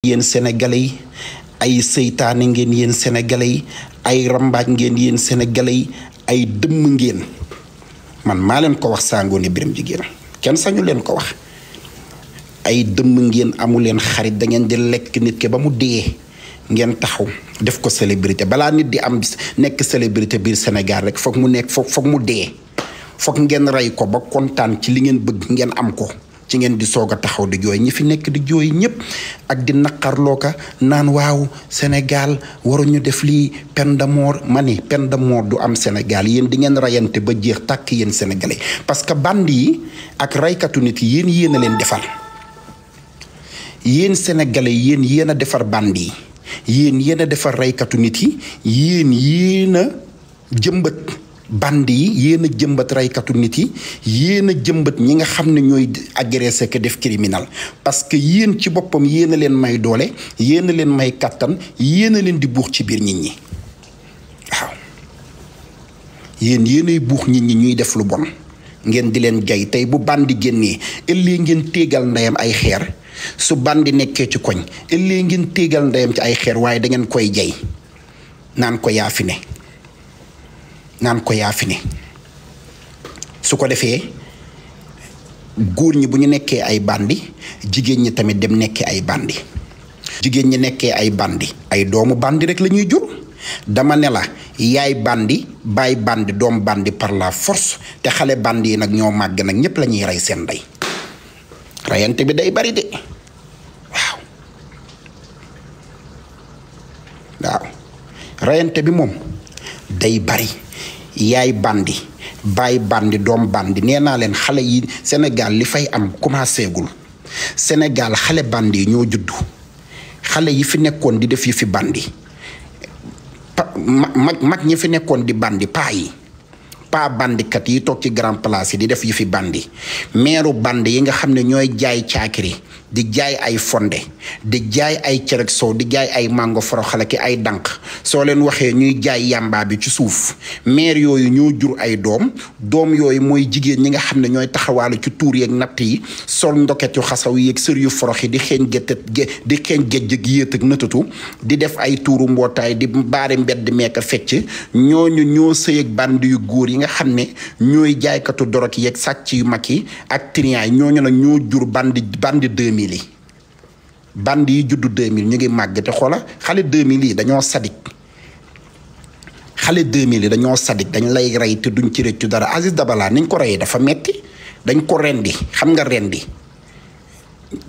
yéen senegale yi ay seytaane ngeen yéen senegale yi ay rambaaj ngeen yéen sénégalais yi ay dëmm ngeen man maa leen ko wax Sangoné Birame Jigéen kenn sañu leen ko wax ay dëmm ngeen amu leen xarit dangeen ngeen di lekk nit ki ba mu dee ngeen taxaw def ko célébrité balaa nit di am nekk célébrité biir senegal rek foog mu nekk foog foog mu dee foog ngeen rey ko ba kontaan ci li ngeen bëgg ngeen am ko. ci ngeen di soog a taxaw di jooy ñi fi nekk di jooy ñëpp ak di naqarloo ka naan waaw Sénégal waruñu def lii peine de ma ni peine du am senegaal yéen di ngeen reyante ba jeex tàkk yéen sénégalais parce que bandi yi ak reykatu nit yi yéen yéen leen defar yéen sénégalais yéen yéen a defar bandi yi yéen yéen a defar reykatu nit yi yéen yéen a jëmbat. band yi yéen a jëmbat raykatu nit yi yéen a jëmbat ñi nga xam ne ñooy agressé que def criminal parce que yéen ci boppam yéen a leen may doole yéen leen may kàttan yéen a leen di buux ci biir nit ñi waaw yéen yéenay buux nit ñi ñuy def lu bon ngeen di leen jay tey bu bandi génnee ëllëg ngeen téegal ndeyam ay xeer su bandi nekkee ci koñ ëllëg ngeen téegal ndeyam ci ay xeer waaye dangeen koy jay naan ko yaa fi ne naan ko yaafi fi ne su ko defee góor ñi bu ñu nekkee ay bandi jigéen ñi tamit dem nekkee ay bandi jigéen ñi nekkee ay bandi ay doomu bandi rek lañuy ñuy jur dama ne la yaay bandi baay bandi doom bandi par la force te xale bandi yi nag ñoo màgg nag ñépp lañuy rey seen ndey reyante bi day bari de waaw reyante bi moom day bari yaay bandi baay bandi doom bandi nee leen xale yi senegal li fay am commencé senegal xale bandi yi ñoo juddu xale yi fi nekkoon di def yi bandi mag ñi fi nekkoon di bandi paa yi paa bandikat yi toog ci grand place yi di def yi fi bandi meeru bandi yi nga xam ne ñooy jaay caakiri di jaay ay fonde di jaay ay cere ak soow di jaay ay mango foroxale ki ay dànq soo leen waxee ñuy jaay yàmbaa bi ci suuf maire yooyu ñoo jur ay doom doom yooyu mooy jigéen ñi nga xam ne ñooy taxawaalu ci tuur yeeg natt yi sol ndoket yu xasaw yeeg sër yu forox yi di xeeñ gétt di xeeñ géej ak yéet ak nëtatu di def ay tuuru mbootaay di baari mbedd meek a fecc ñooñu ñoo sëy ak band yu góor yi nga xam ne ñooy jaaykatu dorog yeeg sàcc yu mag yi ak trian yi ñooñu nag ñoo jur bandi bandi 2000 yi band yi juddu 2000 ñu ngi màgg te xoola xale 2000 yi dañoo sadik xale 2000 yi dañoo sadik dañ lay rey te duñ ci rëccu dara Aziz balaa nañ ko reyee dafa metti dañ ko rendi xam nga rendi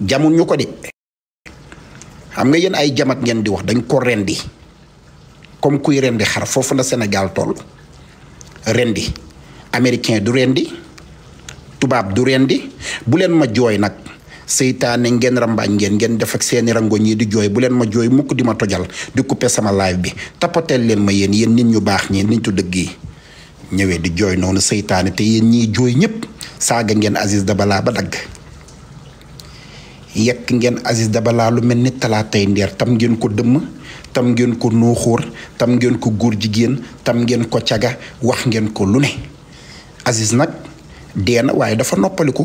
jamun ñu ko de xam nga yéen ay jamat ngeen di wax dañ ko rendi comme kuy rendi xar foofu la Sénégal toll rendi américain du rendi tubaab du rendi bu leen ma jooy nag seytaane ngeen rambaañ ngeen ngeen def ak seeni rango ñii di jooy bu leen ma jooy mukk di ma tojal di couper sama live bi tapateel leen ma yéen yéen nit ñu baax ñii nit ñu dëgg yi ñëwee di jooy noonu seytaane te yéen ñiy jooy ñëpp saaga ngeen Aziz Dabala ba dagg yekk ngeen Aziz Dabala lu mel ni talaatay ndeer tam ngeen ko dëmm tam ngeen ko nooxóor tam ngeen ko góor jigéen tam ngeen ko caga wax ngeen ko lu ne Aziz nag dee na waaye dafa noppaliku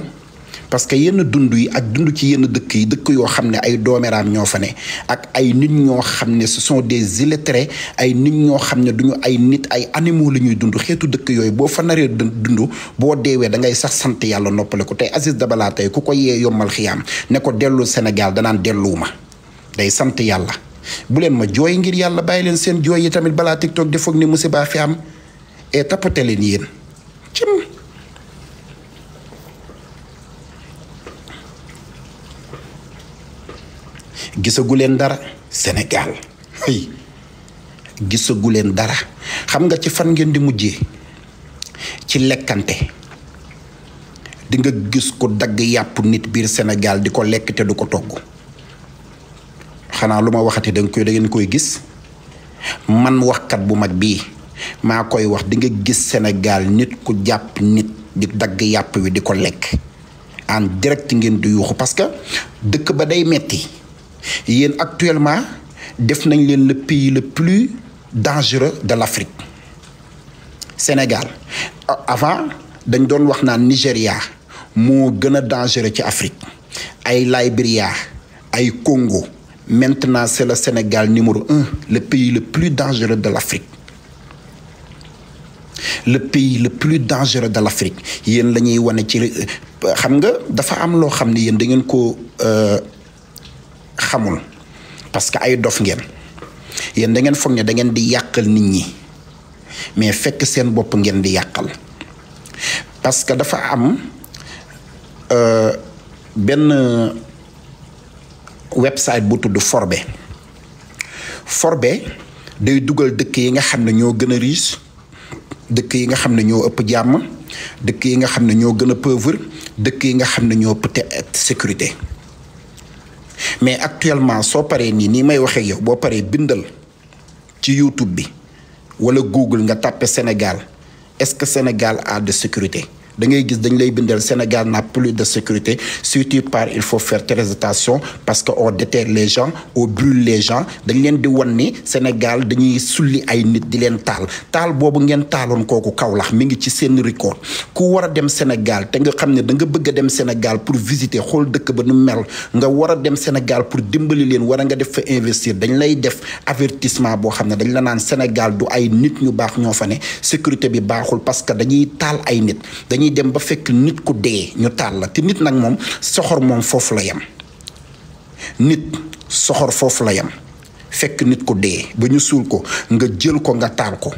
parce que yenn dund yi ak dund ci yenn dëkk yi dëkk yoo xam ne ay doomeraam ñoo fa ne ak ay nit ñoo xam ne ce des illettrés ay nit ñoo xam ne duñu ay nit ay animaux la ñuy dund xeetu dëkk yooyu boo fa naree dund boo deewee da ngay sax sant yàlla noppale ko tey Aziz balaa tey ku ko yee yombal xiyaam ne ko dellu Sénégal danaan delluwuma day sant yàlla bu leen ma jooy ngir yàlla bàyyi leen seen jooy yi tamit balaa TikTok di foog ni musiba fi am et tapote leen gisagu leen dara senegaal hey gisagu leen dara xam nga ci fan ngeen di mujjee ci lekkante di nga gis ko dagg yàpp nit biir senegaal di ko lekk te du ko togg xanaa lu ma waxati danga koy da koy gis man waxkat bu mag bii maa koy wax dinga gis Sénégal nit ku jàpp nit di dagg yàpp wi di ko lekk en direct ngeen di yuuxu parce que dëkk ba day metti yéen actuellement def nañ leen le pays le plus dangereux de l'Afrique Sénégal avant dañ doon wax naa Nigéria moo gën a dangereux ci Afrique ay Liberia ay Congo maintenant c'est le Sénégal numéro un le pays le plus dangereux de l'Afrique le pays le plus dangereux de l'Afrique yéen lañuy wane ci euh, xam nga dafa am loo xam ne yéen da ngeen ko euh, xamul parce que ay dof ngeen yéen da ngeen foog ne da ngeen di yàqal nit ñi mais fekk seen bopp ngeen di yàqal parce que dafa am euh, benn website bu tudd Forbe Forbe day dugal dëkk yi nga xam ne ñoo gën a riis dëkk yi nga xam ne ñoo ëpp jàmm dëkk yi nga xam ne ñoo gën a pauvre dëkk yi nga xam ne ñoo peut sécurité mais actuellement soo paree nii nii may waxee yow boo paree bindal ci YouTube bi wala Google nga tàppe Sénégal est-ce que Sénégal a de sécurité da ngay gis dañ lay bindal Sénégal n'a plus de sécurité si par pars il faut faire très parce que au déterre les gens on brûle les gens dañ leen di wan ni Sénégal dañuy sulli ay nit di leen taal taal boobu ngeen taaloon kooku Kaolack mi ngi ci seen record ku war a dem Sénégal te nga xam ne da nga bëgg a dem Sénégal pour visiter xool dëkk ba nu mel nga war a dem Sénégal pour dimbali leen wara nga def fa investir dañ lay def avertissement boo xam ne dañ la naan Sénégal du ay nit ñu baax ñoo fa ne sécurité bi baaxul parce que dañuy taal ay nit dañuy dem ba fekk nit ku dee ñu taal la te nit nag moom soxor moom foofu la yem nit soxor foofu la yem fekk nit ku dee ba ñu suul ko nga jël ko nga taal ko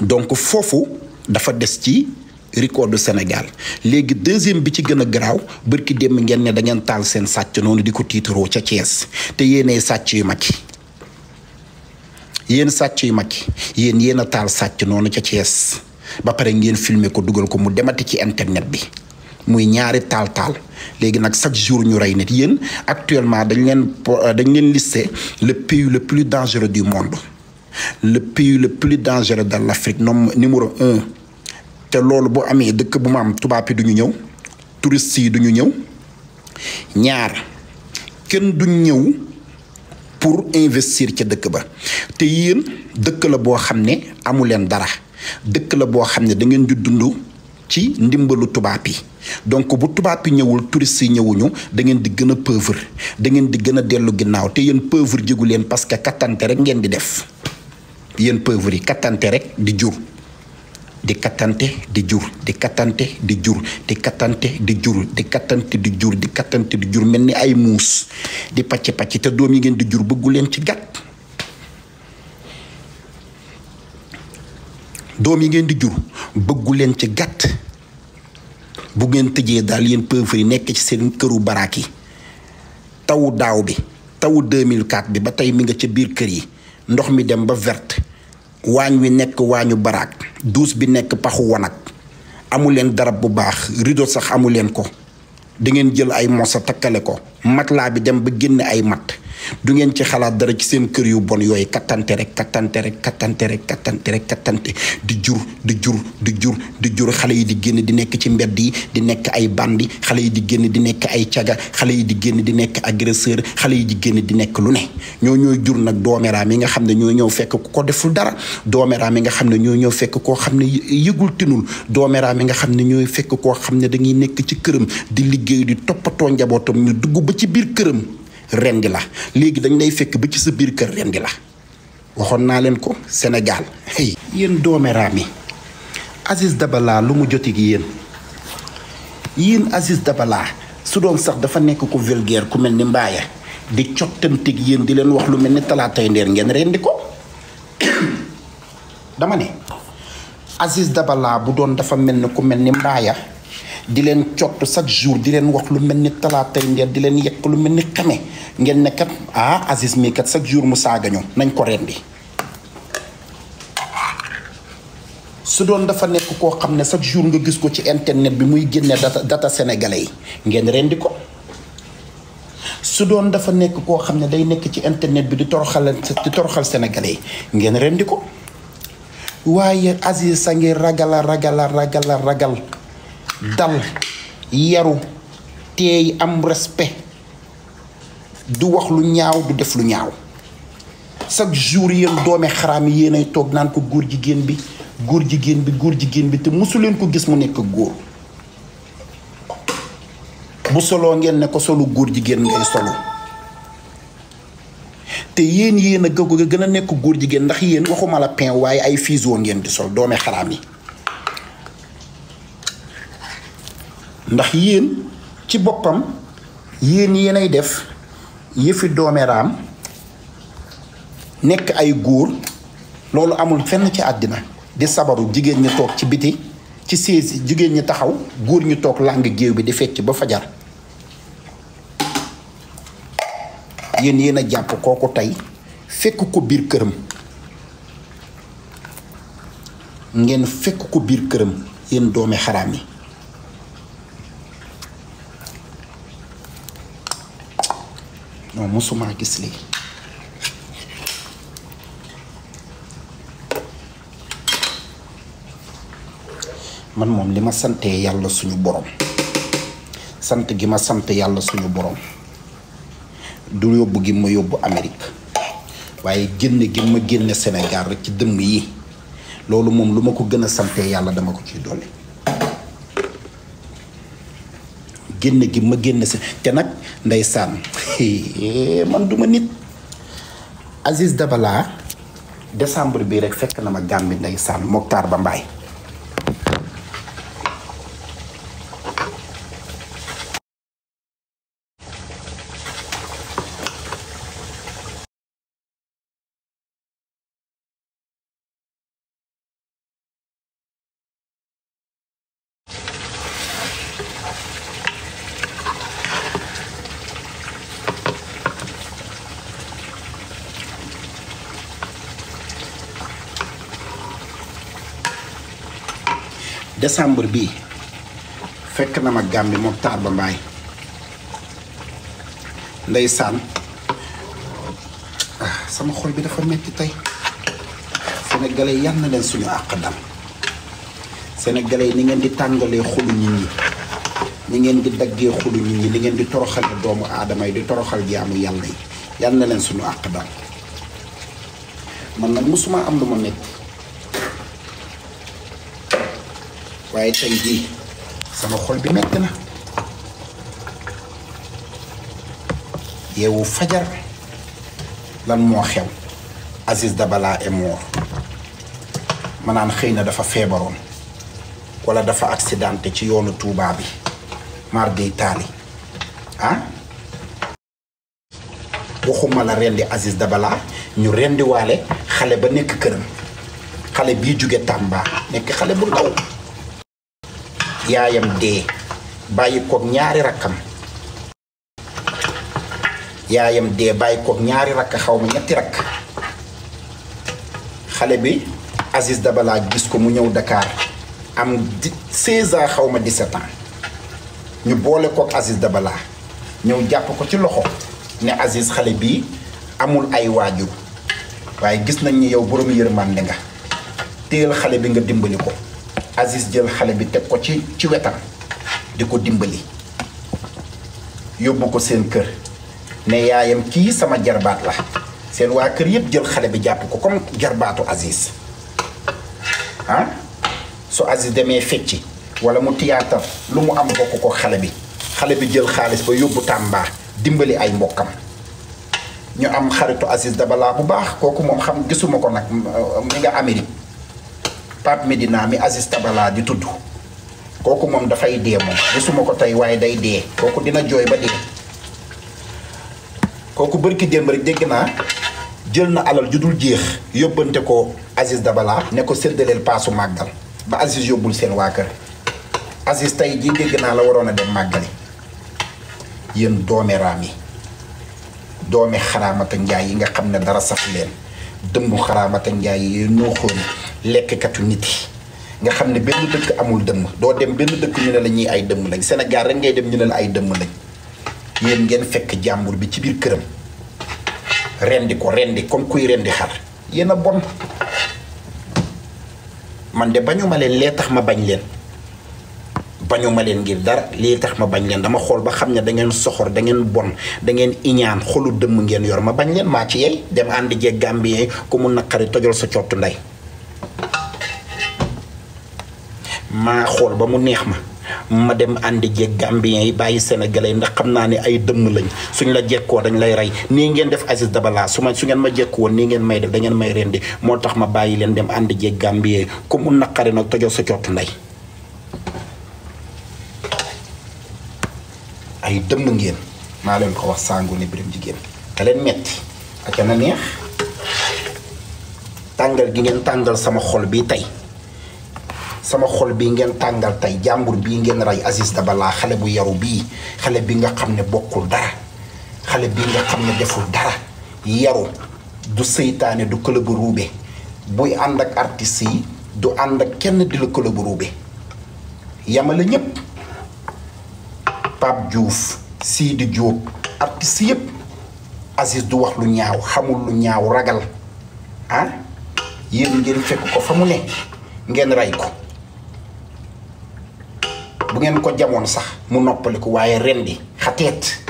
donc foofu dafa des ci record du Sénégal léegi deuxième bi ci gën a garaaw bërki démb ngeen ne da taal seen sàcc noonu di ko tiitaroo ca cees te yéenay sàcc yu mag yéen sàcc yu mag yéen yéen a taal sàcc noonu ca Thiès. ba pare ngeen filmer ko dugal ko mu demati ci internet bi muy ñaari taal taal léegi nag chaque jour ñu rey nit yéen actuellement dañ leen po euh, dañ leen listé le pays le plus dangereux du monde le pays le plus dangereux de l'Afrique nom numéro un te loolu boo amee dëkk bu ma am tubaab yi duñu ñëw touristes yi duñu ñëw ñaar kenn du ñëw pour investir ca dëkk ba te yéen dëkk la boo xam ne amu leen dara. dëkk la boo xam ne da ngeen di dundu ci ndimbalu tubaab yi donc bu tubaab yi ñëwul touristes yi ñëwuñu da ngeen di gën a pauvre da ngeen di gën a dellu ginnaaw te yéen pauvre jegu leen parce que kattante rek ngeen di def yéen pauvre yi kattante rek di jur di kattante di jur di kattante di jur di kattante di jur di kattante di jur di kattante di jur mel ni ay muus di pàcc pàcc te doom yi ngeen di jur bëggu leen ci gàtt doom yi ngeen di jur bëggu leen ci gàtt bu ngeen tëjee daal yéen pauvres nekk ci seen këru baraak yi tawu daaw bi tawu 2004 bi ba tey mi nga ca biir kër yi ndox mi dem ba vert waañ wi nekk waañu baraak duus bi nekk paxu wanag amu leen darab bu baax rido sax amu leen ko da ngeen jël ay mosa takkale ko matelas bi dem ba génn ay mat du ngeen ci xalaat dara ci seen kër yu bon yooyu kattante rek kattante rek kattante rek kattante rek kattante di jur di jur di jur di jur xale yi di génn di nekk ci mbedd yi di nekk ay bandi xale yi di génn di nekk ay caga xale yi di génn di nekk agresseur xale yi di génn di nekk lu ne ñoo ñooy jur nag doomeraam yi nga xam ne ñoo ñëw fekk ko deful dara doomeraam yi nga xam ne ñoo ñëw fekk koo xam ne yëgul tinul doomeraam yi nga xam ne ñooy fekk koo xam ne dañuy nekk ci këram di liggéey di toppatoo njabootam ñu dugg ba ci biir këram rendi la léegi dañ lay fekk bi ci sa biir kër rendi la waxoon naa leen ko senegaal xëy yéen doomeraam yi Aziz Dabala lu mu joti gi yéen yéen Aziz Dabala su doon sax dafa nekk ku vulgaire ku mel ni mbaaya di cottanteeg yéen di leen wax lu mel ni talaatay ndeen ngeen rendi ko dama ne Aziz Dabala bu doon dafa mel ni ku mel ni mbaaya di leen cott chaque jour di leen wax lu mel ni talaatay ngeen di leen yekk lu mel ni xame ngeen ne ah Aziz mii kat chaque jour mu saaga ñu nañ ko rendi su doon dafa nekk koo xam ne chaque jour nga gis ko ci internet bi muy génne data data sénégalais yi ngeen rendi ko su doon dafa nekk koo xam ne day nekk ci internet bi di toroxal di toroxal sénégalais yi ngeen rendi ko waaye Aziz a ngi ragala ragala ragala ragal dal yaru teey am respect du wax lu ñaaw du def lu ñaaw chaque jour yéen doome xaraam yi yéenay toog naan ko góor jigéen bi góor jigéen bi góor jigéen bi te mosu leen ko gis mu nekk góor bu soloo ngeen ne ko solu góor jigéen ngay solu te yéen yéen a gën a nekk góor jigéen ndax yéen waxuma la pain waaye ay fiisoo ngeen di sol doome xaraam yi ndax yéen ci boppam yéen yéenay def yëfi doomeraam nekk ay góor loolu amul fenn ci àddina di sabaru jigéen ñi toog ci biti ci siis jigéen ñi taxaw góor ñi toog làng géew bi di fecc ba fajar yéen yéen a jàpp kooku tey fekk ko biir këram ngeen fekk ko biir këram yéen doomi xaraam yi non mosumaa gis lii man moom li ma santee yàlla suñu borom sant gi ma sant yàlla suñu borom du yóbbu gi ma yóbbu Amérique waaye génn gi ma génne Sénégal rek ci dëmm yi loolu moom lu ma ko gën a santee yàlla dama ko ciy dolli génn gi ma génn si te nag ndeysaan man duma nit Aziz Dabala décembre bi rek fekk na ma Gàmbi ndeysaan Moctar ba Mbaye décembre bii fekk na ma gàmbi moom taar ba mbaay ndeysaan ah, sama xol bi dafa metti tey sénégalais yi yal na leen suñu àq dam sénégalais yi ni ngeen di tàngalee xolu nit ñi ni ngeen di daggee xolu nit ñi ni ngeen di toroxal doomu aadama yi di toroxal jaamu yàlla yi yal na leen suñu àq dam man nag mosuma am lu ma metti waaye tey jii sama xol bi metti fajar lan moo xew Aziz Dabala est ma naan xëy na dafa feebaroon wala dafa accidenté ci yoonu Touba bi mardi taali ah waxuma la rendi Aziz Dabala ñu rendiwaale xale ba nekk këram xale bii jóge Tamba nekk xale bu ndaw yaayam dee bàyyi koog ñaari rakkam yaayam dee bàyyi koog ñaari rakk xaw ma ñetti rakk xale bi Aziz Dabala gis ko mu ñëw dakaar am di 16 ans xaw ma 17 ñu boole koog Aziz Dabala ñëw jàpp ko ci loxo ne Aziz xale bi amul ay waajur waaye gis nañ ni yow borom yërmande nga téyel xale bi nga dimbali ko. Aziz jël xale bi teg ko ci ci wetam di ko dimbali yóbbu ko seen kër ne yaayam kii sama jarbaat la seen waa kër yëpp jël xale bi jàpp ko comme jarbaatu Aziz ah su Aziz demee fecci wala mu tiyaatar lu mu am bokk ko xale bi xale bi jël xaalis ba yóbbu Tamba dimbali ay mbokkam ñu am xaritu Aziz Dabala bu baax kooku moom xam gisuma ko nag euh, mi nga Amérique Pape Medina mi asis Tabala di tudd kooku moom dafay dee moom gisuma ko tey waaye day dee kooku dina jooy ba dee kooku bërki démb rek dégg naa jël na alal ju dul jeex yóbbante ko Aziz Dabala ne ko séddaleel paasu màggal ba Aziz yóbbul seen waa kër Aziz tey jii dégg naa la waroon a dem màggali yéen doome raam yi doome xaraamata njaay yi nga xam ne dara saf leen dëmb xaraabata njaay yi ñoo xoon lekkatu nit yi nga xam ne benn dëkk amul dëmm doo dem benn dëkk ñu ne la ay dëmm lañ senegal rek ngay dem ñu ne la ay dëmm lañ yéen ngeen fekk jàmbur bi ci biir këram rendi ko rendi comme kuy rendi xar yéen a bon man de bañu leen lee tax ma bañ leen bañuma leen ngir dara lii tax ma bañ leen dama xool ba xam ne da ngeen soxor da ngeen bon dangeen iñaan xolu dëmm ngeen yor ma bañ leen maa dem ànd jeeg Gambien ku naqari tojal sa cottu ndey maa xool ba mu neex ma ma dem àndi jeeg Gambien yi bàyyi Sénégalais ndax xam naa ni ay dëmm lañ suñ la jekkoo dañ lay rey nii ngeen def Aziz Dabala su ma su ngeen ma jekk woon nii ngeen may def da ngeen may rendi moo tax ma bàyyi leen dem àndi jeeg Gambien ku mu naqari nag tojal sa cottu ndey ay dëmm ngeen maa leen ko wax sàngu ne biram jigéen te leen metti ak na neex tàngal gi ngeen tàngal sama xol bi tey sama xol bi ngeen tàngal tey jàmbur bi ngeen rey Aziz balaa xale bu yaru bii xale bi nga xam ne bokkul dara xale bi nga xam ne deful dara yaru du seytaane du këlëbu ruube buy ànd ak artistes yi du ànd ak kenn di la këlëbu ruube yamale ñépp Pape Diouf Sidi Diop artistes yëpp Aziz du wax lu ñaaw xamul lu ñaaw ragal ah yéen ngeen fekk ko fa mu ne ngeen rey ko bu ngeen ko jamoon sax mu noppaliku waaye ren di xateet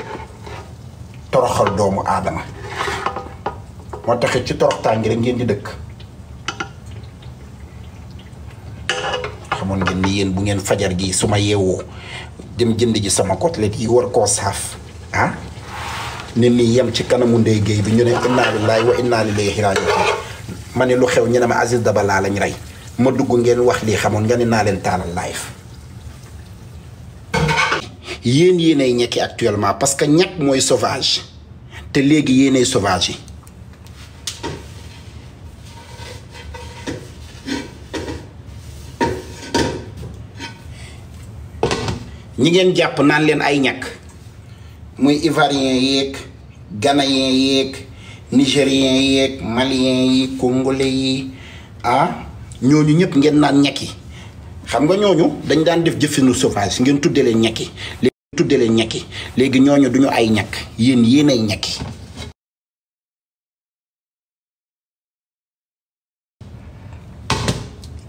toroxal doomu aadama moo taxit ci toroxtaan gi rek ngeen di dëkk xamoon ngeen ni yéen bu ngeen fajar gi su ma yeewoo dem jënd ji sama côtelette yi war koo saaf ah ne nii yem ci kanamu Ndeye Guèye bi ñu ne inna lillahi wa inna ilayhi raaji'uun ma ne lu xew ñu ne ma Aziz Dabala lañ rey ma dugg ngeen wax lii xamoon nga ne naa leen taalal live yéen yéenay ñekki actuellement parce que ñàkk mooy sauvage te léegi yéenay sauvage yi ñi ngeen jàpp naan leen ay ñàkk muy ivoirien yeeg ghanéen yeeg nigérien yeeg malien yi congolais yi ah ñooñu ñëpp ngeen naan ñakki xam nga ñooñu dañ daan def jëfinu sauvage ngeen tuddee leen ñekki léegi tuddee leen ñekki léegi ñooñu duñu ay ñakk yéen yéen ay ñekki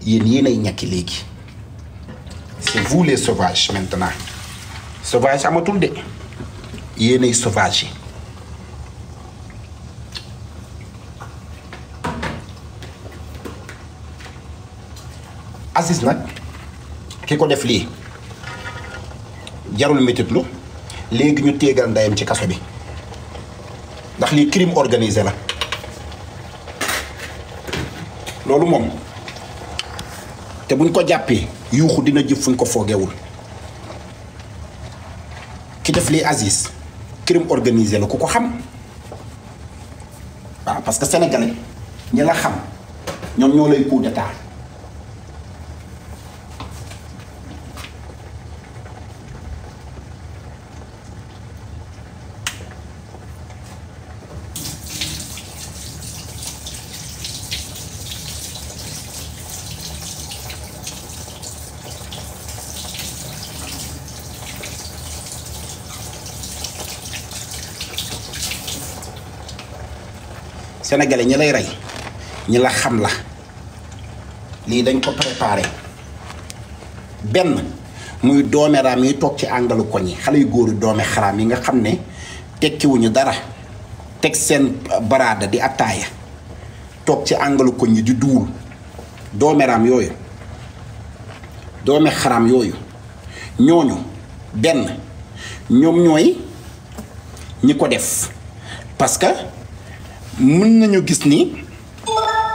yéen yéen ay léegi c'est vous les sauvages maintenant sauvage amatul de yéenay sauvage yi Aziz nag ki ko def lii jarul métitlu léegi ñu téegal ndeyam ci kafe bi ndax lii crime organisé la loolu moom te buñ ko jàppee yuuxu dina jëf fuñ ko foogewul ki def lii Aziz crime organisé la ku ko xam waaw parce que sénégalais ñi la xam ñoom ñoo lay coup sénégalais ñi lay rey ñi la xam la lii dañ ko préparé benn muy doomeraam yi toog ci àngalu koñ yi xale yu góor yu doome xaram yi nga xam ne teg tekkiwuñu dara teg seen baraada di attaaya toog ci àngalu koñ yi di duul doomeraam yooyu doome xaram yooyu ñooñu benn ñoom ñooy ñi ko def parce mën nañu gis ni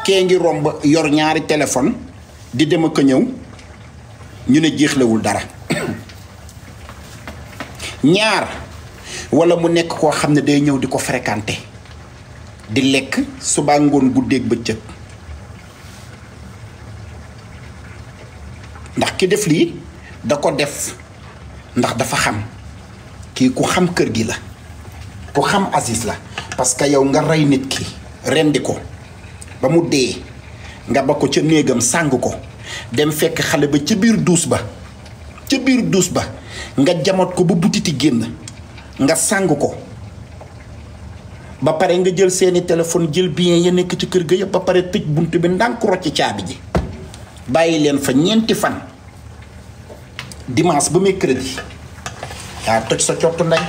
kee ngi romb yor ñaari téléphone di dem a ko ñëw ñu ne jeexlewul dara ñaar wala mu nekk koo xam ne day ñëw di ko fréquenter di lekk suba ngoon guddeeg bëccëg ndax ki def lii da ko def ndax dafa xam kii ku xam kër gi la ku xam Aziz la parce que yow nga rey nit ki rendi ko ba mu dee nga ba ko ca néegam sàng ko dem fekk xale ba ca biir duus ba ca biir duus ba nga jamat ko ba butiti génn nga sàng ko ba pare nga jël seeni téléphone jël bien ya nekk ci kër ga yëpp ba pare tëj bunt bi ndànk rocc caabi ji bàyyi leen fa ñeenti fan dimanche ba mercredi yaa toj sa cottu ndey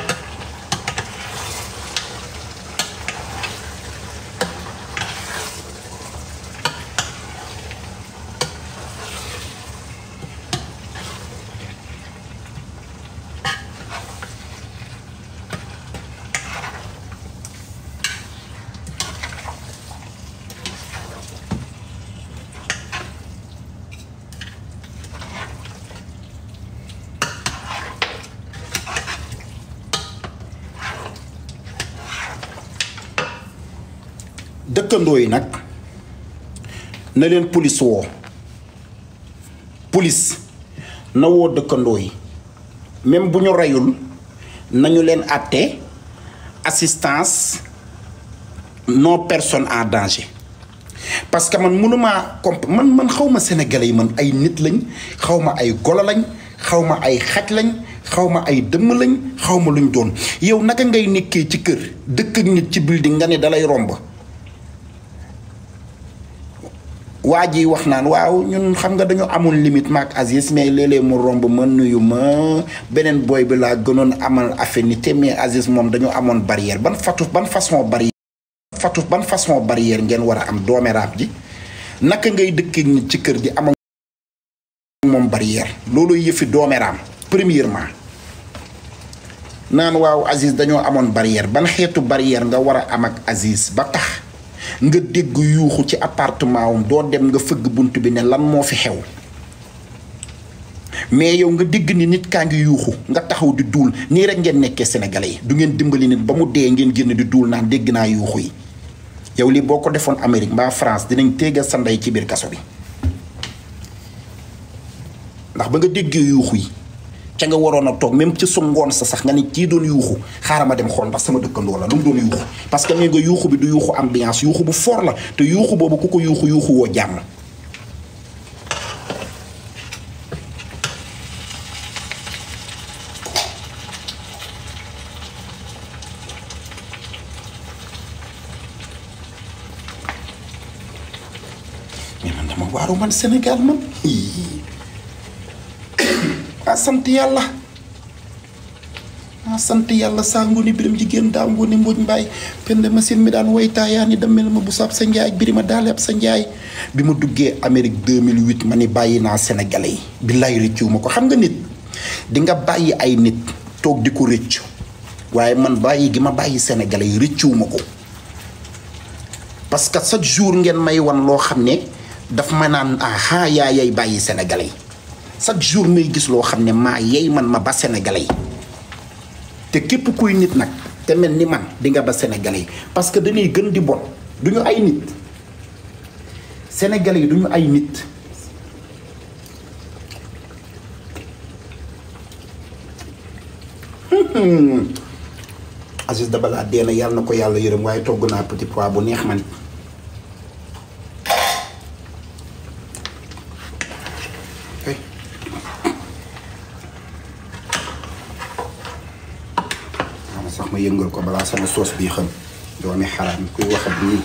dëkkandoo nag na leen police woo police na woo dëkkandoo yi même bu ñu reyul nañu leen àtte assistance non personne en danger parce que man mënumaa comp man man xaw ma sénégalais yi man ay nit lañ xaw ma ay golo lañ xaw ma ay xaj lañ xaw ma ay dëmm lañ xaw ma luñ doon yow naka ngay nekkee ci kër dëkk ak nit ci building nga ne dalay romb waa ji wax naan waaw ñun xam nga dañu amul limite maak Aziz mais léeg mu romb ma nuyu ma beneen booy bi laa gënoon amal affinité mais Aziz moom dañu amoon barrière ban fatu ban façon barrière fatu ban façon barrière ngeen war a am doome ji naka ngay dëkk ci kër gi amal moom barrière loolu yëfi doomeraam premièrement naan waaw Aziz dañoo amoon barrière ban xeetu barrière nga war a am ak Aziz ba tax nga dégg yuuxu ci appartement wam doo dem nga fëgg bunt bi ne lan moo fi xew mais yow nga dégg ni nit kaa ngi yuuxu nga taxaw di duul nii rek ngeen nekkee sénégalais yi du ngeen dimbali nit ba mu dee ngeen génn di duul naa dégg naa yuuxu yi yow lii boo ko defoon Amérique mbaa France dinañ téegal sa ndey ci biir kaso bi ndax ba nga déggee yuuxu yi ca nga waroon a toog même ci sa ngoon sa sax nga ne kii doon yuuxu xaaral ma dem xool ndax sama dëkkandoo la lu doon yuuxu parce que nee nga yuuxu bi du yuuxu ambiance yuuxu bu fort la te yuuxu boobu ku ko yuuxu yuuxu woo jàmm mais man dama waaru man Sénégal man sant yàlla naa sant yàlla saa ngoone biram jigéen daa ngoone mbooj mbaay pende machine mi daal woytaa yaa ni damel ma bu saab sa njaay birima daale ab sa njaay bi ma duggee Amérique 2008 ma ni bàyyi naa Sénégalais yi lay rëccu ma ko xam nga nit di nga bàyyi ay nit toog di ko rëccu waaye man bàyyi gi ma bàyyi Sénégalais yi rëccu ko parce que chaque jour ngeen may wan loo xam ne daf ma naan aha yaayay bàyyi Sénégalais chaque jour may gis loo xam ne ma yey man ma ba sénégalais yi te képp kuy nit nag te mel ni man di nga ba sénégalais yi parce que dañuy gën di bon du ñu ay nit sénégalais yi du ñu ay nit hmm. Aziz Dabala dee na yàlla na ko yàlla yërëm waaye togg naa petit pois bu neex ma man soos bii xam doomi xaraam kuy wax ak nii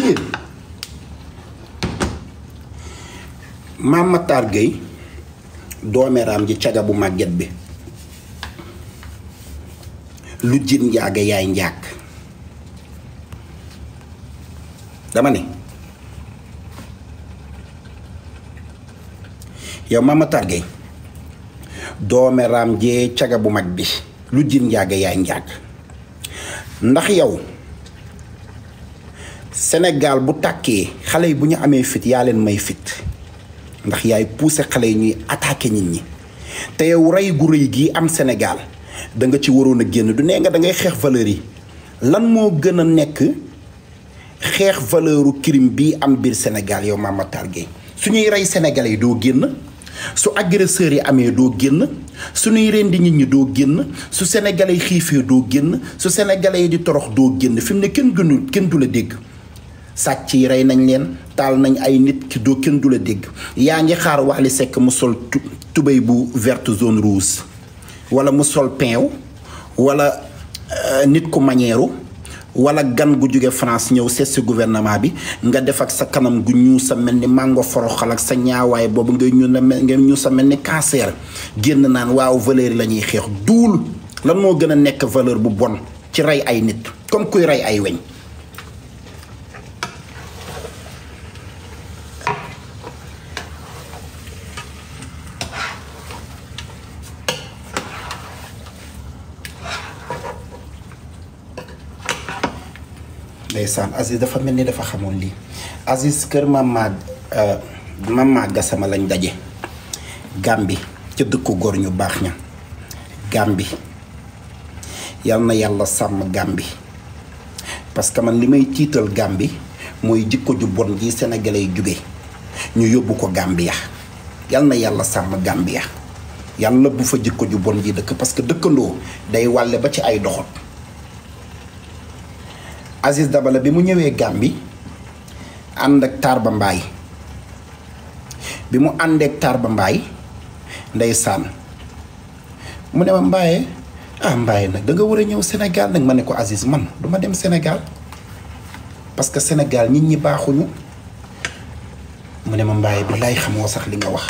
yéen maam Matar Gueye doomeeraam ji caga bu màgget bi lu jin njaaga yaay njaag dama ne yow Mame Matar Gueye doome raam jee caga bu mag bi lu jin njàgg yaay njàgg ndax yow Sénégal bu tàkkee xale yi bu ñu amee fit yaa leen may fit ndax yaay poussé xale yi ñuy attaqué nit ñi te yow rey gu rëy gii am senegaal danga ci waroon a génn du nee nga dangay xeex valeur yi lan moo gën a nekk xeex valeuru crime bii am biir Sénégal yow Mame Matar Gueye su ñuy rey Sénégalais yi doo génn su agresseurs yi amee doo génn suñuy di nit ñi doo génn su sénégalais yi xiifee doo génn su sénégalais yi di torox doo génn fi mu ne kenn gënul kenn du la dégg sàcc yi rey nañ leen taal nañ ay nit ki doo kenn du la dégg yaa ngi xaar wax li sekk mu sol tubéy bu verte zone rouge wala mu sol peew wala euh, nit ku mañeeru wala gan gu jóge France ñëw seet si gouvernement bi nga def ak sa kanam gu ñu sa mel ni mango foroxal ak sa ñaawaay boobu ngay ñu la mel ngay ñu sa mel ni cancer génn naan waaw valeur yi la ñuy xeex duul lan moo gën a nekk valeur bu bon ci rey ay nit comme kuy rey ay weñ ndeysaan Aziz dafa mel ni dafa xamoon lii Aziz kër Mama euh, Mama Gassama lañ daje Gàmbi ca dëkku góor ñu baax ña Gàmbi yal na yàlla sàmm Gàmbi parce que man li may tiital Gàmbi mooy jikko ju bon ji sénégalais yi jóge ñu yóbbu ko Gambia yal na yàlla sàmm Gambia yàlla bu fa jikko ju bon ji dëkk parce que dëkkandoo day wàlle ba ci ay doxot Aziz Dabala bi mu ñëwee Gàmbi ànd ak Tarba Mbaay bi mu àndeek ba Mbaay ndey sànn mu ne ma Mbaye ah Mbaye nag da war a ñëw senegal nag ma ne ko asis man du dem senegal parce que Sénégal nit ñi baaxuñu mu ne ma Mbaye bi lay xamoo sax li nga wax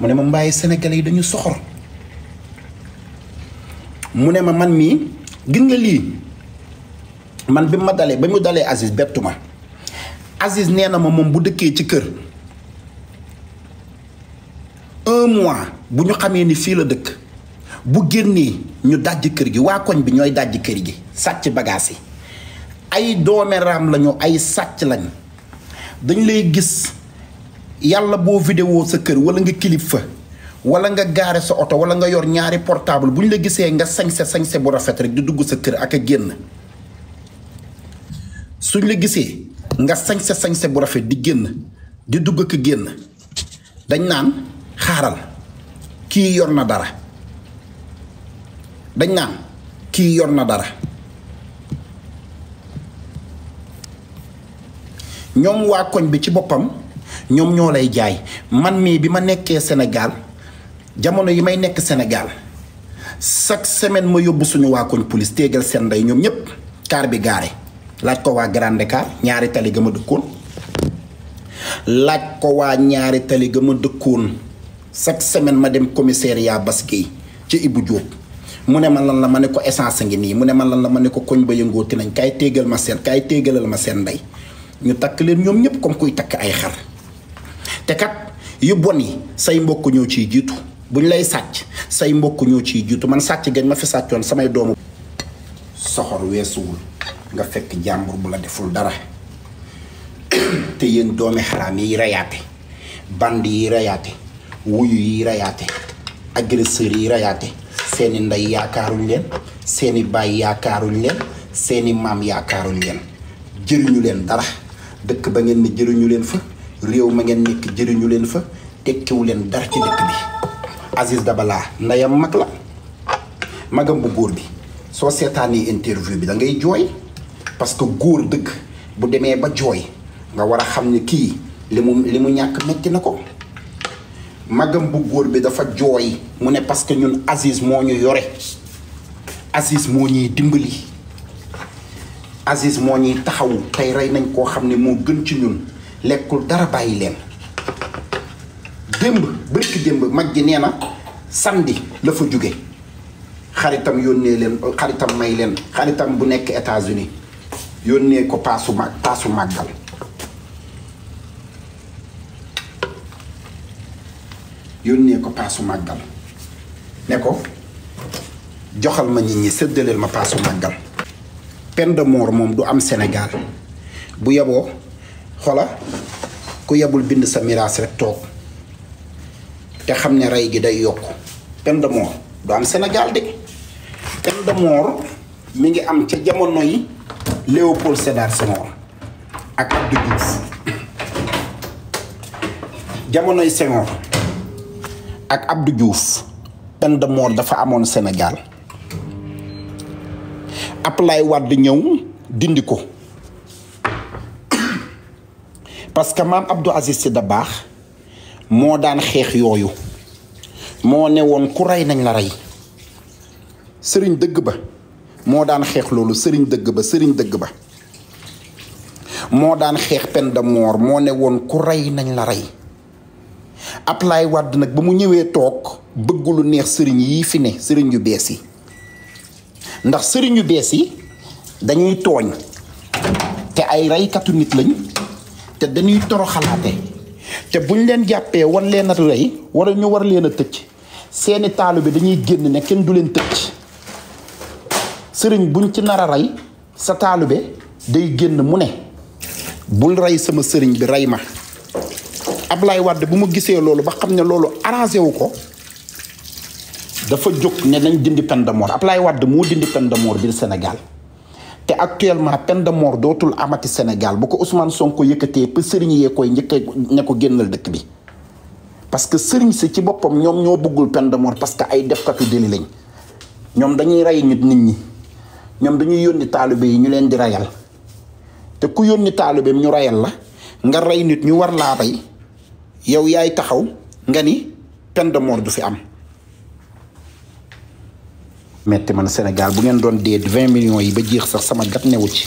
mu ne ma Mbaye sénégalais yi dañu soxor mu ne ma man mii gis nga lii. man bi ma dalee ba mu dalee Aziz bettu ma Aziz nee na ma moom bu dëkkee ci kër un bu ñu xamee ni fii la dëkk bu génnee ñu dajj kër gi waa koñ bi ñooy dajj kër gi sàcc bagages yi ay doomeram lañu ay sàcc lañ dañ lay gis yàlla boo vidéo sa kër wala nga clip wala nga gaare sa oto wala nga yor ñaari portable bu ñu la gisee nga sañse sañse bu rafet rek di dugg sa kër ak génn suñ la gisee nga sañse sañse bu rafet di génn di dugg ak génn dañ naan xaaral kii yor na dara dañ naan kii yor na dara ñoom waa koñ bi ci boppam ñoom ñoo lay jaay man mii bi ma nekkee senegaal jamono yi may nekk Sénégal chaque semaine ma yóbbu suñu waa koñ police téegal seen ndey ñoom ñépp kaar bi gaare laaj ko waa grande Dakar ñaari tali ga ma dëkkoon laaj ko waa ñaari tali ga ma dëkkoon chaque semaine ma dem commissariat Bass Guèye ci Ibou Diop mu ne man lan la ma ne ko essence ngi nii mu ne man lan la ma ne ko koñ ba yëngooti nañ kaay téegal ma seen kaay téegalal ma seen ndey ñu takk leen ñoom ñëpp comme kuy takk ay xar te kat yu bon yi say mbokku ñëw ciy jiitu bu ñu lay sàcc say mbokk ñoo ciy jiitu man sàcc gañ ma fi sàccoon samay doomu soxor weesuwul nga fekk jàmbur bu la deful dara te yéen doomi xaraam yi rayaate band yi rayaate wuyu yi rayaate agresseur yi rayaate seeni ndey yaakaaruñ leen seeni baay yaakaaruñ leen seeni maam yaakaaruñ leen jëriñu leen dara dëkk ba ngeen ne jëriñu leen fa réew ma ngeen nekk jëriñu leen fa tekkiwu leen dara ci dëkk bi Aziz Dabala ndeyam mag la magam bu góor bi soo seetaanee interview bi da ngay jooy parce que góor dëgg bu demee ba jooy nga war a xam ni kii li mu li mu ñàkk metti na ko magam bu góor bi dafa jooy mu ne parce que ñun Aziz moo ñu yore Aziz moo ñuy dimbali Aziz moo ñuy taxawu tey rey nañ koo xam ne moo gën ci ñun lekkul dara bàyyi leen démb bërki démb mag ji nee na sandi la fa jóge xaritam yónnee leen xaritam may leen xaritam bu nekk États-Unis yónnee ko paasu màggal yónnee ko paasu màggal ne ko joxal ma nit ñi séddaleel ma paasu màggal peine moom du am Sénégal bu yeboo xola ku yebul bind sa miraas rek toog te xam ne rey gi day yokk peine de mort du am Sénégal de peine de mi ngi am ca jamono yi Léopold Sédar Senghor ak abdu Diouf jamonoy Senghor dafa amoon Sénégal Ablaye Wade ñëw dindi ko parce que maam Abdou Aziz Sy Dabakh moo daan xeex yooyu moo ne woon ku rey nañ la rey sëriñ dëgg ba moo daan xeex loolu sëriñ dëgg ba sëriñ dëgg ba moo daan xeex peine moo ne woon ku rey nañ la rey Ablaye Wade nag ba mu ñëwee toog bëgg lu neex sëriñ yii fi ne sëriñ yu bees yi ndax sëriñ yu bees yi dañuy tooñ te ay reykatu lañ te dañuy toroxalaate buñ leen jàppee war leen a rey wala ñu war leen a tëj seeni taalu bi dañuy génn ne kenn du leen tëj sëriñ buñ ci nar a rey sa taalibe day génn mu ne bul rey sama sëriñ bi rey ma Ablaye wàdd bu ma gisee loolu ba xam ne loolu arrangé wu ko dafa jóg ne nañ dindi peine de mort wàdd Wade moo dindi peine de biir Sénégal te actuellement peine de mort dootul amati Sénégal bu ko Ousmane sonk yëkkatee ba sëriñ yee koy njëkk ne ko génnal dëkk bi parce que sëriñ si ci boppam ñoom ñoo bëggul peine de parce que ay defkatu déli lañ ñoom dañuy rey nit nit ñi ñoom dañuy yónni taalibe yi ñu leen di rayal te ku yónni taalibeem ñu rayal la nga rey nit ñu war laa rey yow yaay taxaw nga ni peine de du fi am. metti man Sénégal bu ngeen doon dee vingt millions yi ba jeex sax sama gat newu ci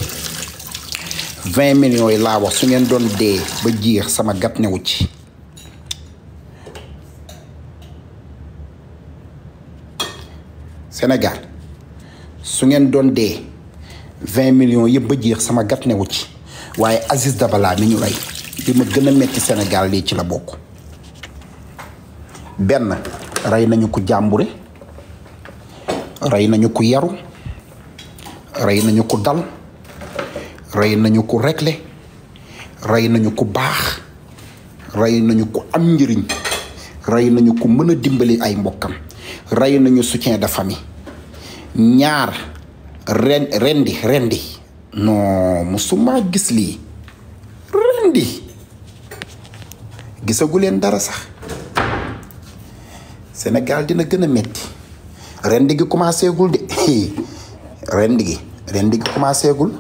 vingt millions yi laa wax su ngeen doon dee ba jeex sama gat newu ci. Sénégal. su ngeen doon dee vingt millions yëpp ba jeex sama gat newu ci waaye Aziz Dabala mi ñu rey bi ma gën a metti Sénégal lii ci la bokk benn rey nañu ko jàmbure rey nañu ku yaru rey nañu ko dal rey nañu ko réglé rey nañu ko baax rey nañu ko am njëriñ rey nañu ko mën a dimbali ay mbokkam rey nañu soutien de famille ñaar ren rendi rendi non musuma gis lii rendi gisagu leen dara sax Sénégal dina gën a metti rendi gi commencé gul de rendi gi rendi gi commencé gul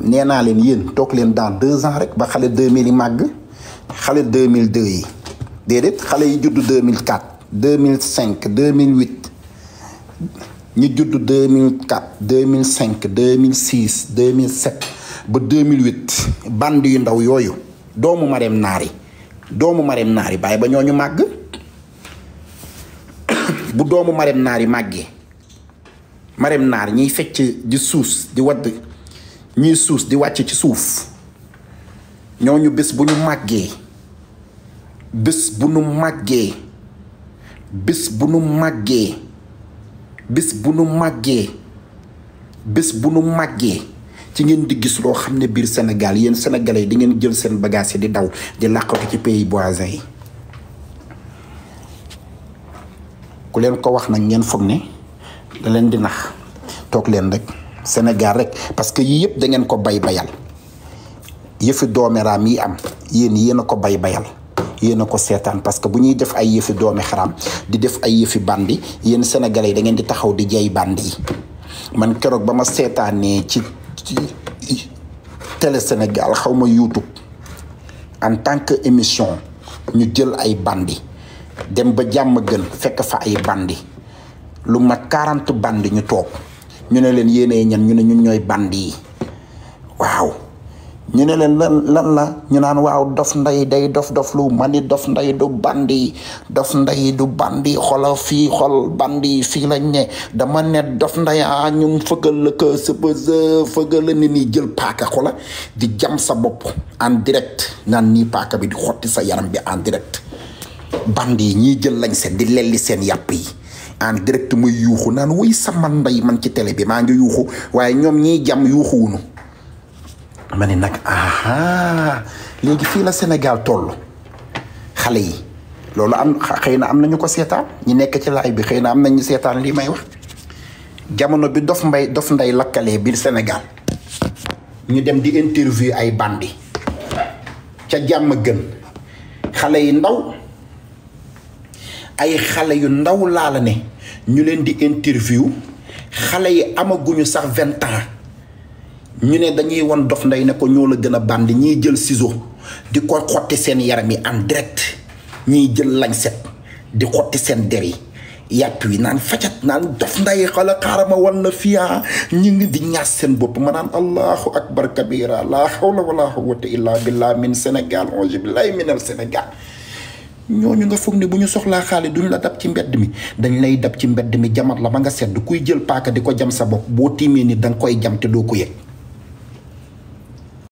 nee naa leen yéen toog leen dans deux ans rek ba xale 2000 yi màgg xale 2002 yi déedéet xale yi juddu 2004 2005 2008. ñu judd 2004 2005 2006 2007 ba 2008 band yu ndaw yooyu doomu Marème Naari doomu Marème Naari bàyyi ba ñu màgg bu doomu Marème Naari màggee Marème Naar ñiy fecc di suus di wadd ñiy suus di wàcc ci suuf ñooñu bés bu ñu màggee bés bu nu màggee bés bu nu màggee bés bu nu màggee bés bu nu màggee ci ngeen di gis loo xam ne biir Sénégal yéen sénégalais di ngeen jël seen bagage yi di daw di làqatu ci pays voisins yi ku leen ko wax nag ngeen foog ne da leen di nax toog leen rek Sénégal rek parce que yii yëpp dangeen ko bay bayal yëfi doomeraam yi am yéen yéen ko bay bayal yéen ko seetaan parce que bu ñuy def ay yëfi doomi xaram di def ay yëfi bandi yéen sénégalais yi da ngeen di taxaw di jay bandi yi man keroog ba ma seetaanee ci télé Sénégal xaw ma YouTube en tant que émission ñu jël ay bandi dem ba jàmm gën fekk fa ay bandi lu mat quarante bandi ñu toog ñu ne leen yéenee ñan ñu ne ñu ñooy bandi yi waaw ñu ne leen lan lan la ñu naan waaw dof nday day dof dof lu mani dof nday du bandi dof nday du bandi xola fii xol bandi fii lañ ne dama ne dof ndaya ah, ñum fëgal la sa sëpase fëgal la ni nii jël paaka xola di jam sa bopp en direct naan nii paaka bi di xotti sa yaram bi en direct bandi yi ñiy jël lañ seen di lelli seen yàpp yi en direct muy yuuxu naan wuy sama nday man ci tele bi maa ngi yuuxu waaye ñoom ñiy jam yuuxuwunu ma ni nag aha léegi fii la Sénégal toll xale yi loolu am xëy na am na ñu ko seetaan ñi nekk ci laay bi xëy na am na ñu seetaan lii may wax jamono bi dof mbay dof nday lakkalee biir Sénégal ñu dem di interview ay bandi ca jàmm gën xale yu ndaw ay xale yu ndaw laala ne ñu leen di interview xale yi amaguñu sax vingt ans ñu ne dañuy won dof ndey ne ko ñoo la gën a bànd ñiy jël ciseau di ko xotti seen yaram yi en direct ñiy jël lañset di xotti seen der yi yàpp wi naan facat naan dof ndey xala xaarama wan la fiyaa ñu ngi di ñaas seen bopp ma naan allahu akbar kabira la hawla wala quwwata illa billah min sénégal ange billahi minal sénégal ñooñu nga foog ni bu ñu soxlaa xaalis duñ la dab ci mbedd mi dañ lay dab ci mbedd mi jamat la ba nga sedd kuy jël paaka di ko jam sa bopp boo tiimee ni danga koy jam doo ko yëg